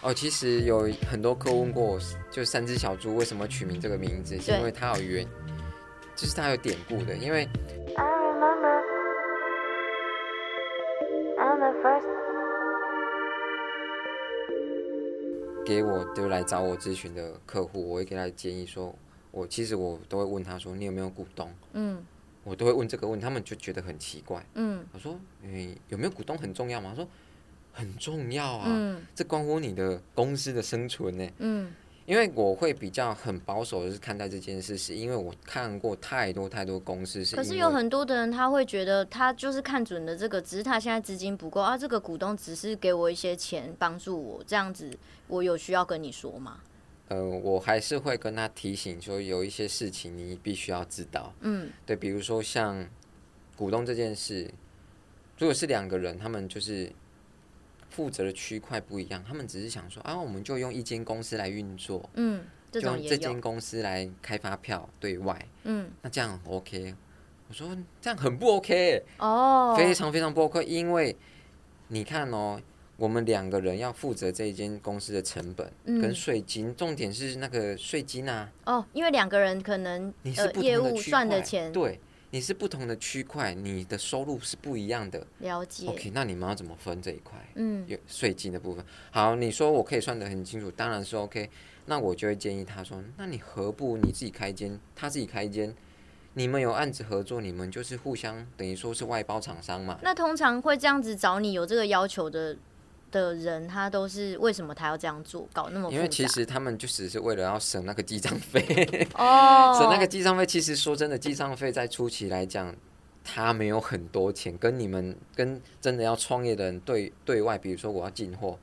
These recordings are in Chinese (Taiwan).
哦，其實有很多客戶問過我，就三隻小豬為什麼取名這個名字，是、嗯、因為它有源，就是它有典故的。因為 I remember. I'm the first remember the 給我都來找我諮詢的客戶，我會給他建議說，我其實我都會問他說，你有沒有股東？嗯，我都會問這個問題，他們就覺得很奇怪。嗯，我說，你、欸、有沒有股東很重要嗎？他說。很重要啊！嗯，這關乎你的公司的生存呢、欸。嗯，因為我會比較很保守的是看待這件事，是因為我看過太多太多公司是。可是有很多的人他會覺得他就是看準了這個，只是他現在資金不夠啊。這個股東只是給我一些錢幫助我，這樣子我有需要跟你說嗎？呃，我還是會跟他提醒說有一些事情你必須要知道。嗯，對，比如說像股東這件事，如果是兩個人，他們就是。負責的區塊不一樣，他們只是想說啊，我們就用一間公司來運作，嗯，這就用這間公司來開發票對外，嗯，那這樣 OK？我說這樣很不 OK 哦，非常非常不 OK，因為你看哦、喔，我們兩個人要負責這一間公司的成本跟稅金，嗯，重點是那個稅金啊。哦，因為兩個人可能你是、呃、業務算的錢對。你是不同的區塊，你的收入是不一樣的。了解。OK，那你們要怎麼分這一塊？嗯，有稅金的部分。好，你說我可以算得很清楚，當然是 OK。那我就會建議他說，那你何不你自己開間，他自己開間，你們有案子合作，你們就是互相等於說是外包廠商嘛。那通常會這樣子找你，有這個要求的。的人，他都是為什麼他要這樣做，搞那麼？因為其實他們就只是為了要省那個記賬費哦。省那個記賬費其實說真的，記賬費在初期來講，他沒有很多錢。跟你們跟真的要創業的人對對外，比如說我要進貨，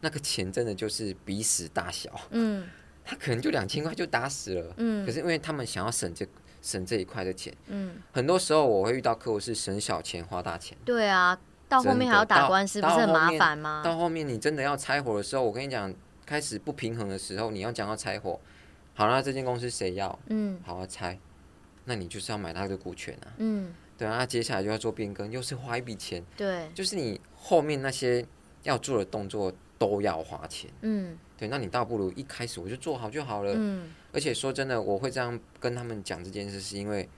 那個錢真的就是鼻屎大小。嗯。他可能就兩千塊就打死了。嗯。可是因為他們想要省這省這一塊的錢。嗯。很多時候我會遇到客戶是省小錢花大錢。對啊。到後面還要打官司，不是很麻煩嗎？到到，到後面你真的要拆夥的時候，我跟你講，開始不平衡的時候，你要講要拆夥。好啦，這間公司誰要？嗯，好拆，嗯，那你就是要買他的股權啊。嗯，對啊，那接下來就要做變更，又是花一筆錢。對，就是你後面那些要做的動作都要花錢。嗯，對，那你倒不如一開始我就做好就好了。嗯，而且說真的，我會這樣跟他們講這件事，是因為。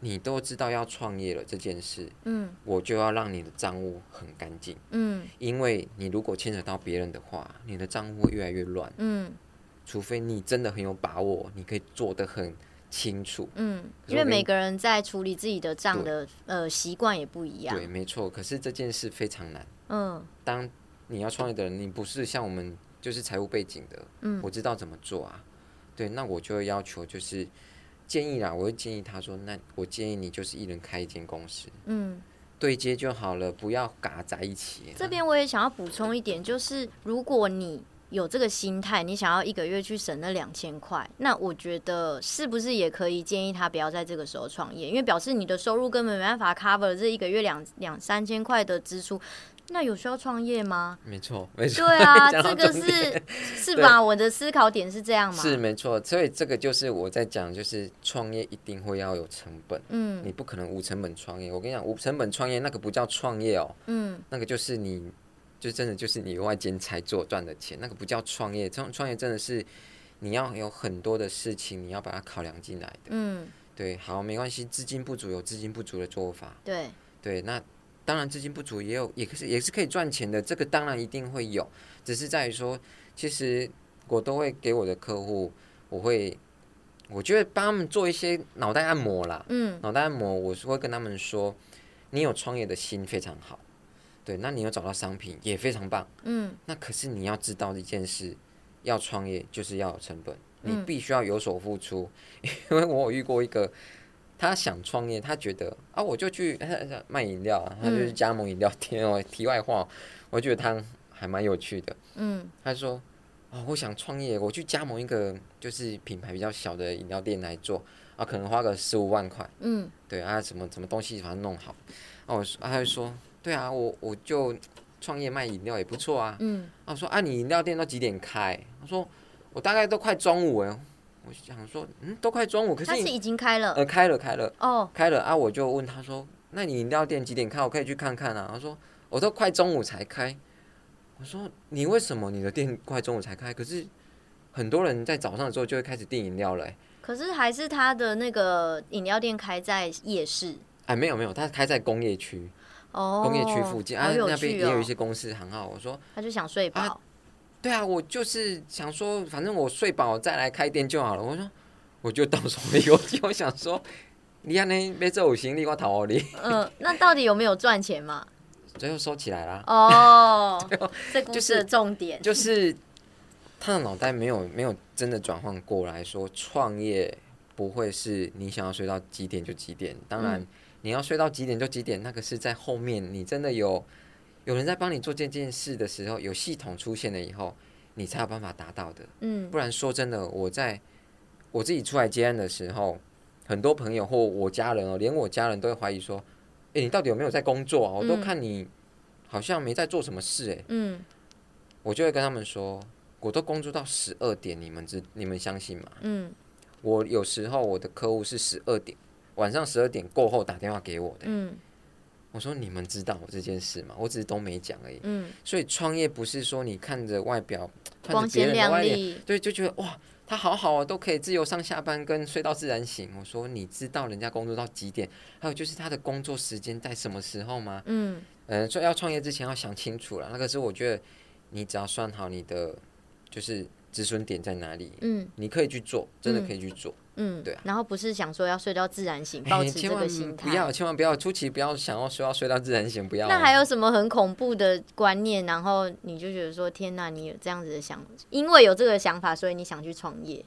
你都知道要創業了這件事，嗯，我就要讓你的賬務很乾淨，嗯，因為你如果牽扯到別人的話，你的賬務會越來越亂，嗯，除非你真的很有把握，你可以做得很清楚，嗯，因為每個人在處理自己的賬的呃習慣也不一樣，對，沒錯，可是這件事非常難，嗯，當你要創業的人，你不是像我們就是財務背景的，嗯，我知道怎麼做啊，對，那我就要求就是。建議啦，我會建議他說：“那我建議你就是一人開一間公司，嗯，對接就好了，不要嘎在一起啊。”這邊我也想要補充一點，就是如果你有這個心態，你想要一個月去省那兩千塊，那我覺得是不是也可以建議他不要在這個時候創業？因為表示你的收入根本沒辦法 cover 了這一個月兩兩三千塊的支出。那有需要創業嗎？沒錯，沒錯。對啊，這個是是吧？我的思考點是這樣嗎？是沒錯，所以這個就是我在講，就是創業一定會要有成本。嗯，你不可能無成本創業。我跟你講，無成本創業那個不叫創業哦。嗯，那個就是你，就是真的就是你外兼差做賺的錢，那個不叫創業。創創業真的是你要有很多的事情，你要把它考量進來的。嗯，對，好，沒關係，資金不足，有資金不足的做法。對對，那。當然資金不足也有，也是也是可以賺錢的，這個當然一定會有，只是在於說，其實我都會給我的客戶，我會，我覺得幫他們做一些腦袋按摩啦，嗯，腦袋按摩，我是會跟他們說，你有創業的心非常好，對，那你有找到商品也非常棒，嗯，那可是你要知道一件事，要創業就是要有成本，你必須要有所付出，嗯，因為我有遇過一個。他想創業，他覺得啊，我就去、啊啊、賣飲料、啊，他就去加盟飲料店哦、喔嗯。題外話、喔，我覺得他還蠻有趣的。嗯，他說啊、哦，我想創業，我去加盟一個就是品牌比較小的飲料店來做，啊，可能花個十五萬塊。嗯，對啊，什麼什麼東西把它弄好。啊，我說，他就說，對啊，我我就創業賣飲料也不錯啊。嗯，啊、我說啊，你飲料店都幾點開？他說，我大概都快中午了。我想說，嗯，都快中午，可是他是已經開了，呃，開了，開了，哦、oh.，開了啊！我就問他說，那你飲料店幾點開？我可以去看看啊。他說，我都快中午才開。我說，你為什麼你的店快中午才開？可是很多人在早上的時候就會開始訂飲料了。可是還是他的那個飲料店開在夜市。哎、啊，沒有沒有，他開在工業區，oh. 業啊、哦，工業區附近啊，那邊也有一些公司很好。我說，他就想睡飽。啊對啊，我就是想說，反正我睡飽再來開店就好了。我說，我就到時候沒有，就想說，你啊，你別這我行李我逃了。嗯，那到底有沒有賺錢嘛？最後收起來啦。哦，這故事的重點就是，就是、他的腦袋沒有沒有真的轉換過來說，說創業不會是你想要睡到幾點就幾點。當然，你要睡到幾點就幾點，嗯、那個是在後面，你真的有。有人在幫你做這件,件事的時候，有系統出現了以後，你才有辦法達到的。嗯，不然說真的，我在我自己出來接案的時候，很多朋友或我家人哦，連我家人都會懷疑說：“哎、欸，你到底有沒有在工作啊？嗯，我都看你好像沒在做什麼事。”哎，嗯，我就會跟他們說：“我都工作到十二點，你們知你們相信嗎？”嗯，我有時候我的客戶是十二點晚上十二點過後打電話給我的，嗯。我說你們知道我這件事嗎？我只是都沒講而已。嗯，所以創業不是說你看着外表，看著別人的外面，對，就覺得哇，他好好啊，都可以自由上下班跟睡到自然醒。我說你知道人家工作到幾點？還有就是他的工作時間在什麼時候嗎？嗯，嗯，所以要創業之前要想清楚了。那個時候我覺得你只要算好你的就是止損點在哪裡，嗯，你可以去做，真的可以去做。嗯，對啊。然後不是想說要睡到自然醒，保持這個心態。不要，千萬不要初期，不要想要睡到睡到自然醒，不要啊。那還有什麼很恐怖的觀念？然後你就覺得說，天吶，你有這樣子的想，因為有這個想法，所以你想去創業。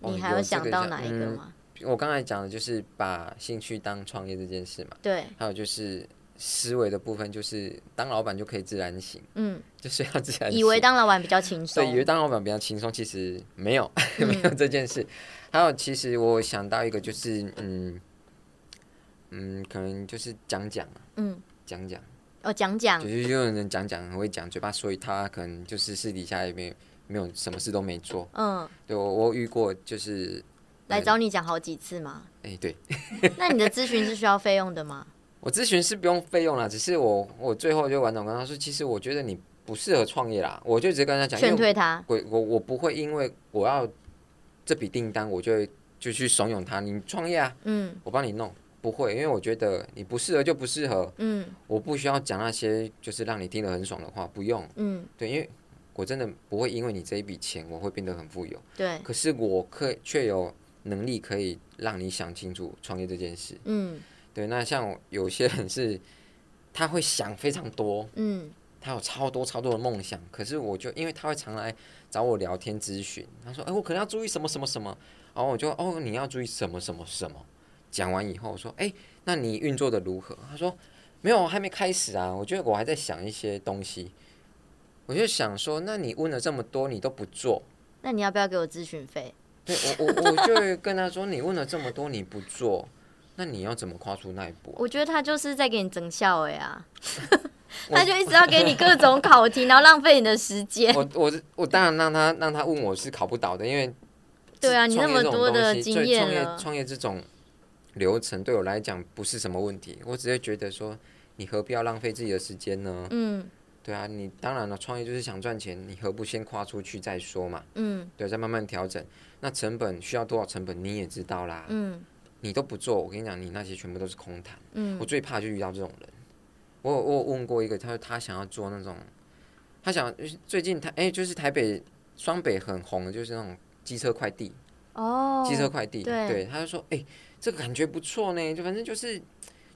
你還有想到哪一個嗎？我個、嗯，我剛才講的就是把興趣當創業這件事嘛。對。還有就是。思維的部分就是當老板就可以自然醒，嗯，就是要自然醒。以為當老板比較輕鬆， 對，以為當老板比較輕鬆，其實沒有、嗯、 沒有這件事。還有，其實我想到一個就是，嗯嗯，可能就是講講嗯，講講哦，講講，就是有人講講很會講嘴巴，所以他可能就是私底下也沒有沒有什麼事都沒做，嗯，對我我遇過就是來找你講好幾次嘛，哎、欸，對，那你的諮詢是需要費用的嗎？ 我諮詢是不用費用啦，只是我我最後就完整跟他說，其實我覺得你不適合創業啦，我就直接跟他講勸退他，我我我不會因為我要這筆訂單，我就就去慫恿他你創業啊，嗯，我幫你弄，不會，因為我覺得你不適合就不適合，嗯，我不需要講那些就是讓你聽得很爽的話，不用，嗯，對，因為我真的不會因為你這一筆錢我會變得很富有，對，可是我可卻有能力可以讓你想清楚創業這件事，嗯。對，那像有些人是，他會想非常多，嗯，他有超多超多的夢想，可是我就因為他會常來找我聊天諮詢，他說，哎、欸，我可能要注意什麼什麼什麼，然後我就，哦，你要注意什麼什麼什麼，講完以後，我說，哎、欸，那你運作的如何？他說，沒有，還沒開始啊，我覺得我還在想一些東西，我就想說，那你問了這麼多，你都不做，那你要不要給我諮詢費？對，我我我就跟他說，你問了這麼多，你不做。那你要怎麼跨出那一步啊？我覺得他就是在給你增效呀， 他就一直要給你各種考題，然後浪費你的時間。 我我我當然讓他讓他問我是考不倒的，因為對啊，你那麼多的經驗，創業創業這種流程對我來講不是什麼問題，我只會覺得說，你何必要浪費自己的時間呢？嗯，對啊，你當然了，創業就是想賺錢，你何不先跨出去再說嘛？嗯，對，再慢慢調整，那成本需要多少成本你也知道啦。嗯。你都不做，我跟你講，你那些全部都是空談。嗯，我最怕就遇到這種人。我有我有問過一個，他說他想要做那種，他想要最近他哎、欸、就是台北雙北很紅的就是那種機車快遞。哦。機車快遞，對。對。他就說哎、欸，這個感覺不錯呢，就反正就是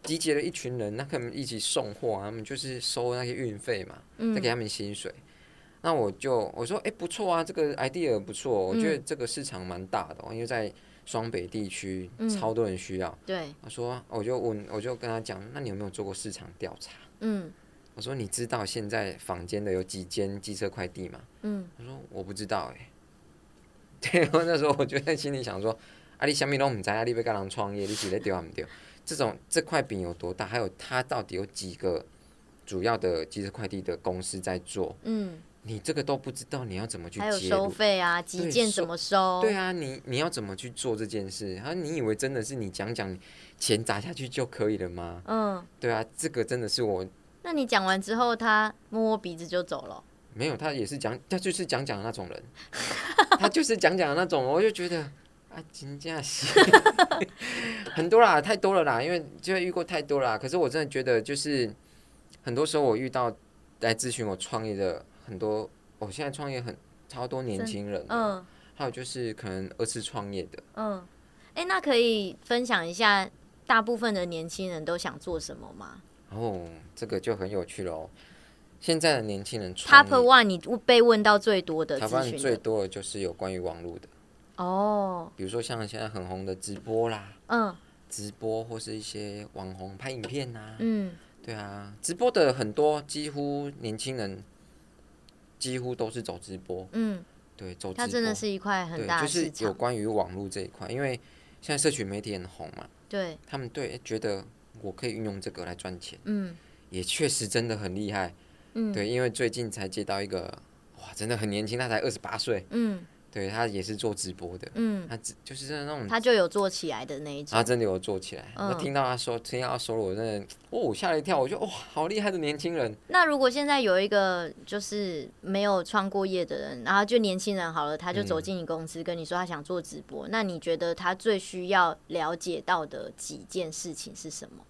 集結了一群人，那可能一起送貨啊，他們就是收那些運費嘛、嗯，再給他們薪水。那我就我說哎、欸、不錯啊，這個 idea 不錯，我覺得這個市場蠻大的、哦嗯，因為在。雙北地區、嗯、超多人需要，對，我說我就問，我就跟他講，那你有沒有做過市場調查？嗯，我說你知道現在坊間的有幾間機車快遞嗎？嗯，他說我不知道哎、欸嗯，對，我那時候我就在心裡想說，阿里小面都不在阿里貝跟人創業，你幾來丟啊？唔 丟，這種這塊餅有多大？還有它到底有幾個主要的機車快遞的公司在做？嗯。你這個都不知道，你要怎麼去？還有收費啊，寄件怎麼收,收？對啊，你你要怎麼去做這件事？啊，你以為真的是你講講，錢砸下去就可以了嗎？嗯，對啊，這個真的是我。那你講完之後，他摸摸鼻子就走了？沒有，他也是講，他就是講講的那種人， 他就是講講的那種。我就覺得啊，真的是 很多啦，太多了啦，因為就遇過太多啦。可是我真的覺得，就是很多時候我遇到來諮詢我創業的。很多，我、哦、現在創業很超多年輕人，嗯，還有就是可能二次創業的，嗯，哎、欸，那可以分享一下大部分的年輕人都想做什麼嗎？哦，這個就很有趣嘍。現在的年輕人創業，Top One，你被問到最多的，的，Top One 問最多的就是有關於網絡的哦，比如說像現在很紅的直播啦，嗯，直播或是一些網紅拍影片啊。嗯，對啊，直播的很多，幾乎年輕人。幾乎都是走直播，嗯，對，走直播，它真的是一塊很大的市場，就是有關於網絡這一塊，因為現在社群媒體很紅嘛，對，他們對、欸、覺得我可以運用這個來賺錢，嗯，也確實真的很厲害、嗯，對，因為最近才接到一個，哇，真的很年輕，他才二十八歲，嗯。對，他也是做直播的，嗯，他就是那種他就有做起來的那一種，他真的有做起來。我、嗯、聽到他說，聽到他說了，我真的哦，嚇了一跳。我覺得哇，好厲害的年輕人。那如果現在有一個就是沒有創過業的人，然後就年輕人好了，他就走進你公司，跟你說他想做直播、嗯，那你覺得他最需要了解到的幾件事情是什麼？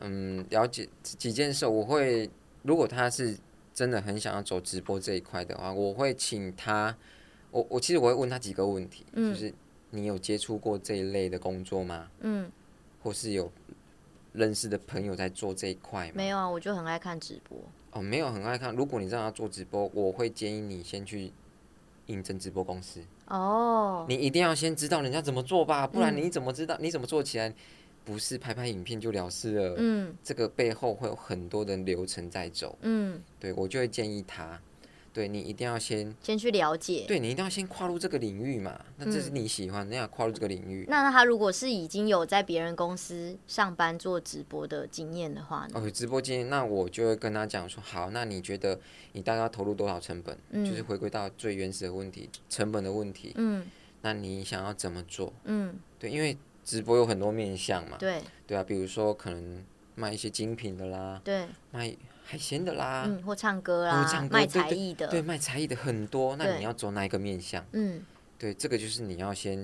嗯，了解幾件事，我會如果他是真的很想要走直播這一塊的話，我會請他。我我其實我會問他幾個問題，嗯、就是你有接觸過這一類的工作嗎？嗯，或是有認識的朋友在做這一塊嗎？沒有啊，我就很愛看直播。哦，沒有很愛看。如果你讓他做直播，我會建議你先去應徵直播公司。哦，你一定要先知道人家怎麼做吧，不然你怎麼知道、嗯、你怎麼做起來？不是拍拍影片就了事了。嗯，這個背後會有很多的流程在走。嗯，對，我就會建議他。對你一定要先先去了解，對你一定要先跨入這個領域嘛、嗯，那這是你喜歡，你要跨入這個領域。那他如果是已經有在別人公司上班做直播的經驗的話呢，哦，直播經驗，那我就會跟他講說，好，那你覺得你大概要投入多少成本？嗯、就是回歸到最原始的問題，成本的問題。嗯，那你想要怎麼做？嗯，對，因為直播有很多面向嘛，對對啊，比如說可能賣一些精品的啦，對，賣。海鮮的啦，嗯，或唱歌啦，或唱歌，賣才藝的，對對對，對，賣才藝的很多。那你要走哪一個面向？嗯，對，這個就是你要先，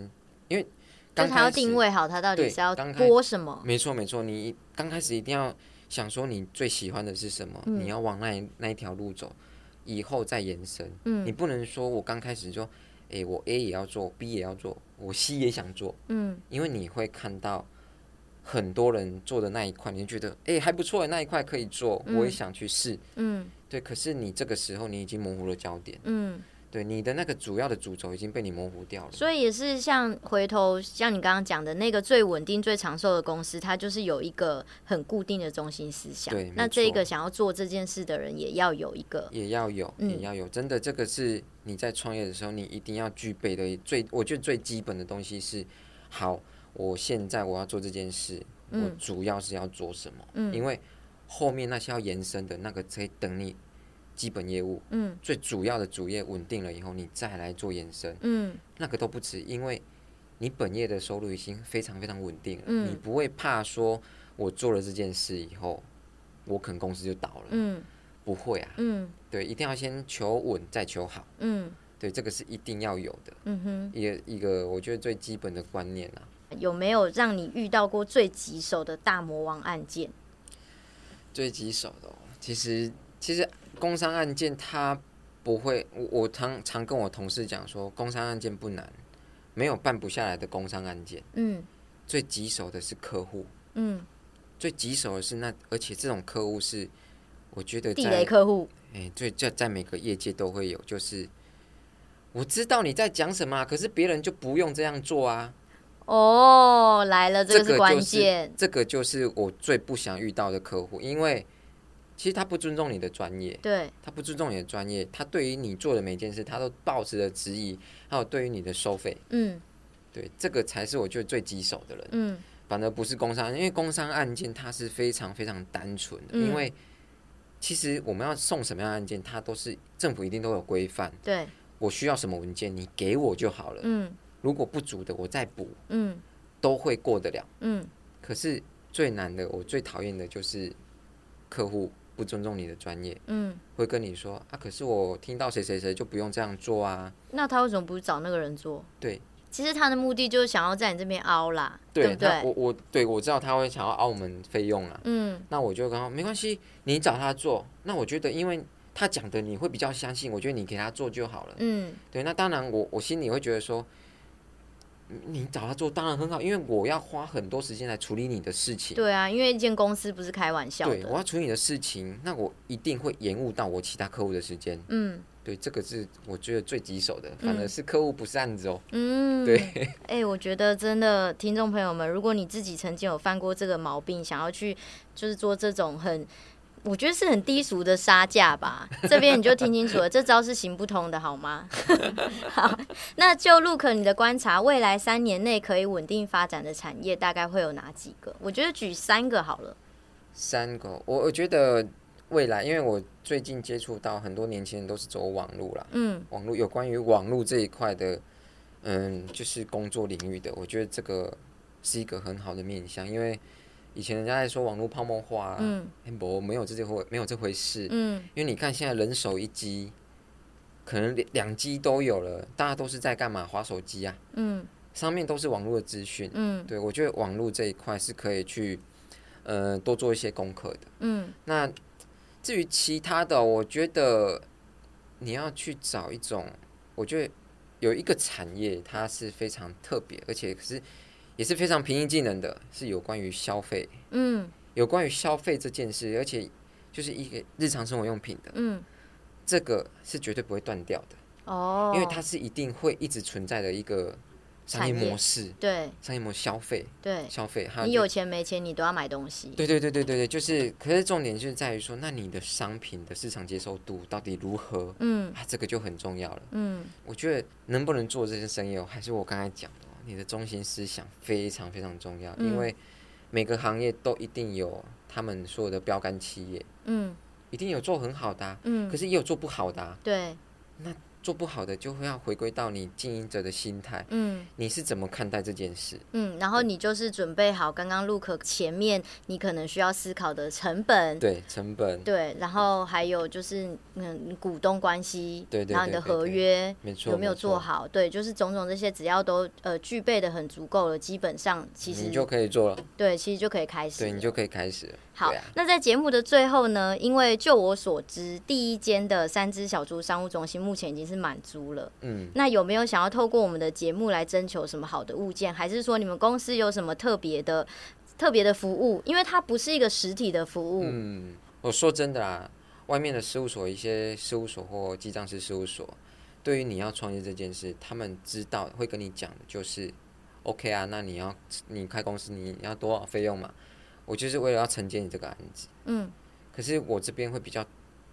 因為剛，就才要定位好，他到底是要播什麼？沒錯，沒錯，你剛開始一定要想說你最喜歡的是什麼，嗯，你要往那那一條路走，以後再延伸。嗯、你不能說我剛開始就，哎、欸，我 A 也要做，B 也要做，我 C 也想做，嗯，因為你會看到。很多人做的那一塊，你就覺得哎、欸、還不錯、欸，那一塊可以做、嗯，我也想去試。嗯，對。可是你這個時候，你已經模糊了焦點。嗯，對，你的那個主要的主軸已經被你模糊掉了。所以也是像回頭像你剛剛講的那個最穩定、最長壽的公司，它就是有一個很固定的中心思想。對，那這個想要做這件事的人，也要有一個。也要有，嗯、也要有。真的，這個是你在創業的時候，你一定要具備的最，我覺得最基本的東西是好。我現在我要做這件事，嗯、我主要是要做什麼、嗯？因為後面那些要延伸的那個，可以等你基本業務，嗯、最主要的主業穩定了以後，你再來做延伸、嗯，那個都不遲，因為你本業的收入已經非常非常穩定了、嗯，你不會怕說我做了這件事以後，我可能公司就倒了，嗯、不會啊、嗯，對，一定要先求穩再求好、嗯，對，這個是一定要有的，一、嗯、個一個，一個我覺得最基本的觀念啊。有沒有讓你遇到過最棘手的大魔王案件？最棘手的其實其實工商案件他不會，我我常常跟我同事講說，工商案件不難，沒有辦不下來的工商案件。嗯，最棘手的是客戶。嗯，最棘手的是那，而且這種客戶是我覺得在地雷客戶。哎，最在在每個業界都會有，就是我知道你在講什麼啊，可是別人就不用這樣做啊。哦、oh，來了，這個是關鍵，這個就是。這個就是我最不想遇到的客戶，因為其實他不尊重你的專業，對，他不尊重你的專業，他對於你做的每件事，他都抱持著質疑，還有對於你的收費，嗯，對，這個才是我覺得最棘手的人。嗯，反而不是工商，因為工商案件它是非常非常單純的，嗯，因為其實我們要送什麼樣的案件，它都是政府一定都有規範，對我需要什麼文件，你給我就好了，嗯。如果不足的，我再補，嗯，都會過得了，嗯。可是最難的，我最討厭的就是客戶不尊重你的專業，嗯，會跟你說啊，可是我聽到誰誰誰就不用這樣做啊。那他為什麼不去找那個人做？對，其實他的目的就是想要在你這邊凹啦，對，對不對？我我對我知道他會想要凹我們費用了，啊。嗯。那我就跟他說沒關係，你找他做，那我覺得因為他講的你會比較相信，我覺得你給他做就好了，嗯。對，那當然我我心裡會覺得說。你找他做當然很好，因為我要花很多時間來處理你的事情。對啊，因為一間公司不是開玩笑的。對，我要處理你的事情，那我一定會延誤到我其他客戶的時間。嗯，對，這個是我覺得最棘手的，嗯、反而是客戶不是案子哦。嗯，對。哎、欸，我覺得真的，聽眾朋友們，如果你自己曾經有犯過這個毛病，想要去就是做這種很。我覺得是很低俗的殺價吧，這邊你就聽清楚了， 這招是行不通的，好嗎？ 好，那就 Luke 你的觀察，未來三年內可以穩定發展的產業大概會有哪幾個？我覺得舉三個好了。三個，我我覺得未來，因為我最近接觸到很多年輕人都是走網路啦，嗯，網路有關於網路這一塊的，嗯，就是工作領域的，我覺得這個是一個很好的面向，因為。以前人家在說網絡泡沫化，啊，嗯，哎，欸、不，沒有這回，沒有這回事，嗯，因為你看現在人手一機，可能兩兩機都有了，大家都是在幹嘛？滑手機啊，嗯，上面都是網絡的資訊，嗯，對，我覺得網絡這一塊是可以去，呃，多做一些功課的，嗯，那至於其他的，我覺得你要去找一種，我覺得有一個產業它是非常特別，而且可是也是非常平易近人的，是有關於消費，嗯，有關於消費這件事，而且就是一個日常生活用品的，嗯，這個是絕對不會斷掉的哦，因為它是一定會一直存在的一個商業模式，對，商業模式消費，對，消費，你有錢沒錢你都要買東西，對對對對對對，就是，可是重點就是在於說，那你的商品的市場接受度到底如何？嗯，啊，這個就很重要了，嗯，我覺得能不能做這些生意哦，還是我剛才講的。你的中心思想非常非常重要，嗯，因為每個行業都一定有他們所有的標杆企業，嗯，一定有做很好的啊，嗯，可是也有做不好的啊，對，那。做不好的就會要回歸到你經營者的心態，嗯，你是怎麼看待這件事？嗯，然後你就是準備好剛剛 Luke 前面你可能需要思考的成本，對成本，對，然後還有就是嗯股東關係，對對、對，然後你的合約有沒有做好？對、對、對、對，就是種種這些只要都呃具備的很足夠了，基本上其實你就可以做了，對，其實就可以開始，對你就可以開始了。好、對啊，那在節目的最後呢，因為就我所知，第一間的三隻小豬商務中心目前已經是滿租了。嗯，那有沒有想要透過我們的節目來徵求什麼好的物件，還是說你們公司有什麼特別的、特別的服務？因為它不是一個實體的服務。嗯，我說真的啦，外面的事務所、一些事務所或記賬師事務所，對於你要創業這件事，他們知道會跟你講的就是，OK 啊，那你要你開公司你要多少費用嘛？我就是為了要承接你這個案子，嗯，可是我這邊會比較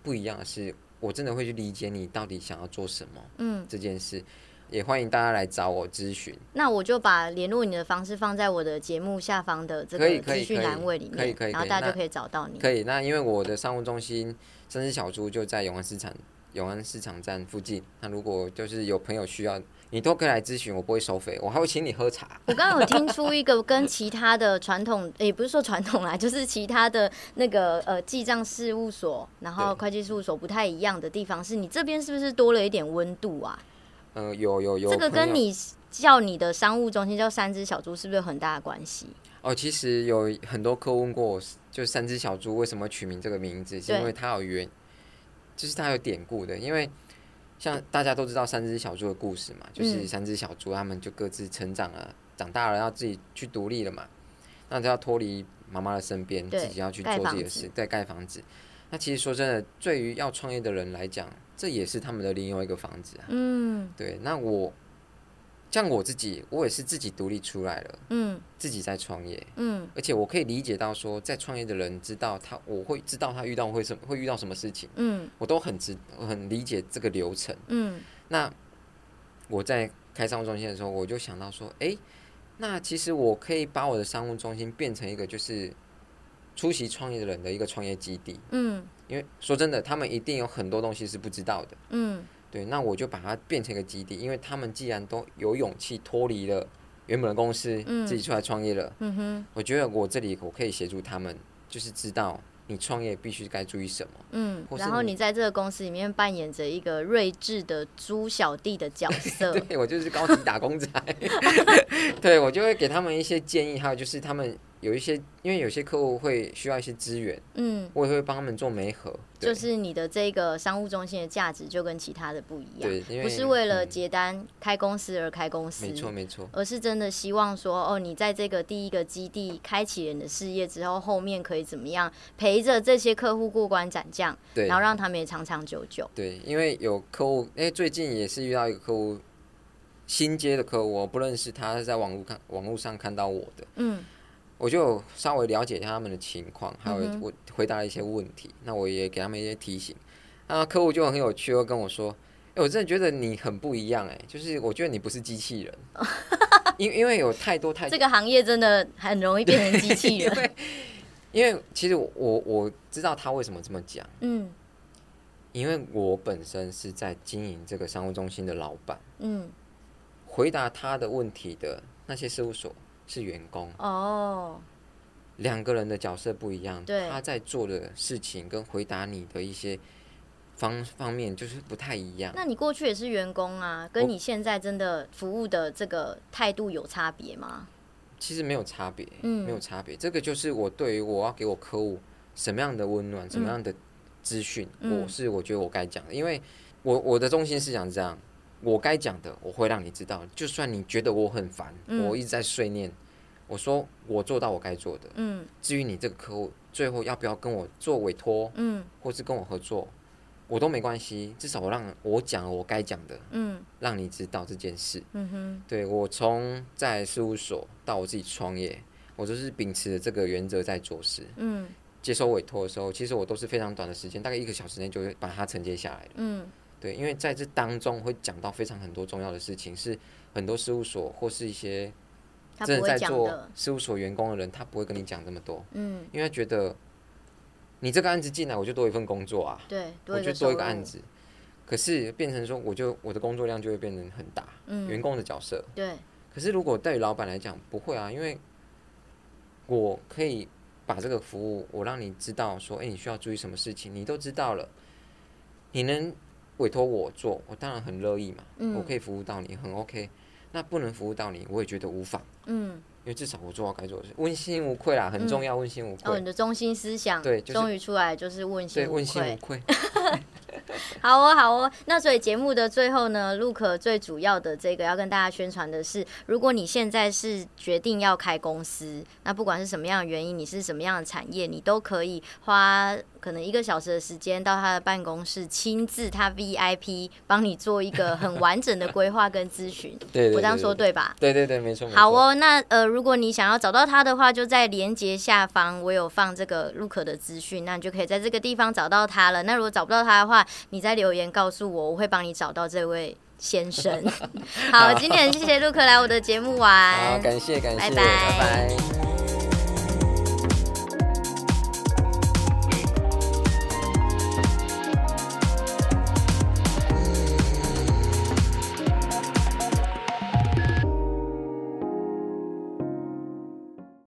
不一樣的是，我真的會去理解你到底想要做什麼，嗯，這件事也歡迎大家來找我諮詢。那我就把聯絡你的方式放在我的節目下方的這個資訊欄位裡面，可以，可以，可以，可以，然後大家就可以找到你。可以，那因為我的商務中心，三隻小豬就在永安市場。永安市場站附近，那如果就是有朋友需要，你都可以來諮詢，我不會收費，我還會請你喝茶。我剛剛有聽出一個跟其他的傳統，也、 欸、不是說傳統啦，就是其他的那個呃記賬事務所，然後會計事務所不太一樣的地方是，是你這邊是不是多了一點溫度啊？呃，有有有，這個跟你叫你的商務中心叫三隻小豬是不是有很大的關係？哦、呃，其實有很多客問過我，就三隻小豬為什麼取名這個名字，是因為它有原。就是它有典故的，因為像大家都知道三隻小豬的故事嘛，嗯、就是三隻小豬他們就各自成長了，長大了要自己去獨立了嘛，那就要脫離媽媽的身邊，自己要去做自己的事，在蓋房，房子。那其實說真的，對於要創業的人來講，這也是他們的另外一個房子啊。嗯，對，那我。像我自己，我也是自己獨立出來了，嗯，自己在創業，嗯，而且我可以理解到說，在創業的人知道他，我會知道他遇到會什麼會遇到什麼事情，嗯，我都很知很理解這個流程，嗯，那我在開商務中心的時候，我就想到說，哎、欸，那其實我可以把我的商務中心變成一個就是出席創業的人的一個創業基地，嗯，因為說真的，他們一定有很多東西是不知道的，嗯。對，那我就把它變成一個基地，因為他們既然都有勇氣脫離了原本的公司，嗯，自己出來創業了，嗯哼，我覺得我這裡我可以協助他們，就是知道你創業必須該注意什麼。嗯，然後你在這個公司裡面扮演着一個睿智的豬小弟的角色。 對，我就是高級打工仔。 對，我就會給他們一些建議，還有就是他們。有一些，因為有些客戶會需要一些資源，嗯，我也會幫他們做媒合。就是你的這個商務中心的價值就跟其他的不一樣，對，不是為了接單、嗯、開公司而開公司，沒錯沒錯，而是真的希望說，哦，你在這個第一個基地開啟人的事業之後，後面可以怎麼樣陪着這些客戶過關斬將，對，然後讓他們也長長久久。對，因為有客戶，哎、欸，最近也是遇到一個客戶新接的客戶，我不認識他，在網絡看網絡上看到我的，嗯。我就稍微了解一下他們的情況、嗯，還有我回答一些問題。那我也給他們一些提醒。然後客戶就很有趣，又跟我說：“哎、欸，我真的覺得你很不一樣、欸，哎，就是我覺得你不是機器人。 ”因因為有太多太多……’這個行業真的很容易變成機器人因。因為其實我我知道他為什麼這麼講，嗯，因為我本身是在經營這個商務中心的老板，嗯，回答他的問題的那些事務所。是員工哦，oh. 兩個人的角色不一樣，對，他在做的事情跟回答你的一些方方面就是不太一樣。那你過去也是員工啊，跟你現在真的服務的這個態度有差別嗎？其實沒有差別、嗯，沒有差別。這個就是我對於我要給我客戶什麼樣的溫暖、什麼樣的資訊、嗯，我是我覺得我該講的、嗯，因為我我的中心思想是這樣。我該講的，我會讓你知道。就算你覺得我很煩、嗯，我一直在碎念，我說我做到我該做的。嗯。至於你這個客戶最後要不要跟我做委託，嗯，或是跟我合作，我都沒關係。至少我讓我講我該講的，嗯，讓你知道這件事。嗯哼。對，我從在事務所到我自己創業，我就是秉持著這個原則在做事。嗯。接受委託的時候，其實我都是非常短的時間，大概一個小時內就會把它承接下來。嗯。對，因為在這當中會講到非常很多重要的事情，是很多事務所或是一些真的在做事務所員工的人，他不會，他不會跟你講這麼多。嗯，因為他覺得你這個案子進來，我就多一份工作啊。對，多我就多一個案子，可是變成說，我就我的工作量就會變成很大。嗯，員工的角色。對。可是如果對於老闆來講，不會啊，因為我可以把這個服務，我讓你知道說，哎、欸，你需要注意什麼事情，你都知道了，你能。委託我做，我當然很樂意嘛、嗯。我可以服務到你，很 OK。那不能服務到你，我也覺得無妨。嗯，因為至少我做好該做的事，問心無愧啦，很重要。問、嗯、心無愧。哦，你的中心思想，對，終、就、於、是、出來就是問心，對，問心無愧。 好哦，好哦。那所以節目的最後呢，Luke 最主要的這個要跟大家宣傳的是，如果你現在是決定要開公司，那不管是什麼樣的原因，你是什麼樣的產業，你都可以花可能一個小時的時間到他的辦公室，親自他 VIP 幫你做一個很完整的規劃跟諮詢。對， 我這樣說對吧？對對對，對，對，沒錯。好哦，那呃，如果你想要找到他的話，就在連結下方我有放這個 Luke 的資訊，那你就可以在這個地方找到他了。那如果找不到他的話，你在留言告訴我，我會幫你找到這位先生。 好，好，今天謝謝 Luke 來我的節目玩，好感謝感謝，拜拜拜拜。拜拜。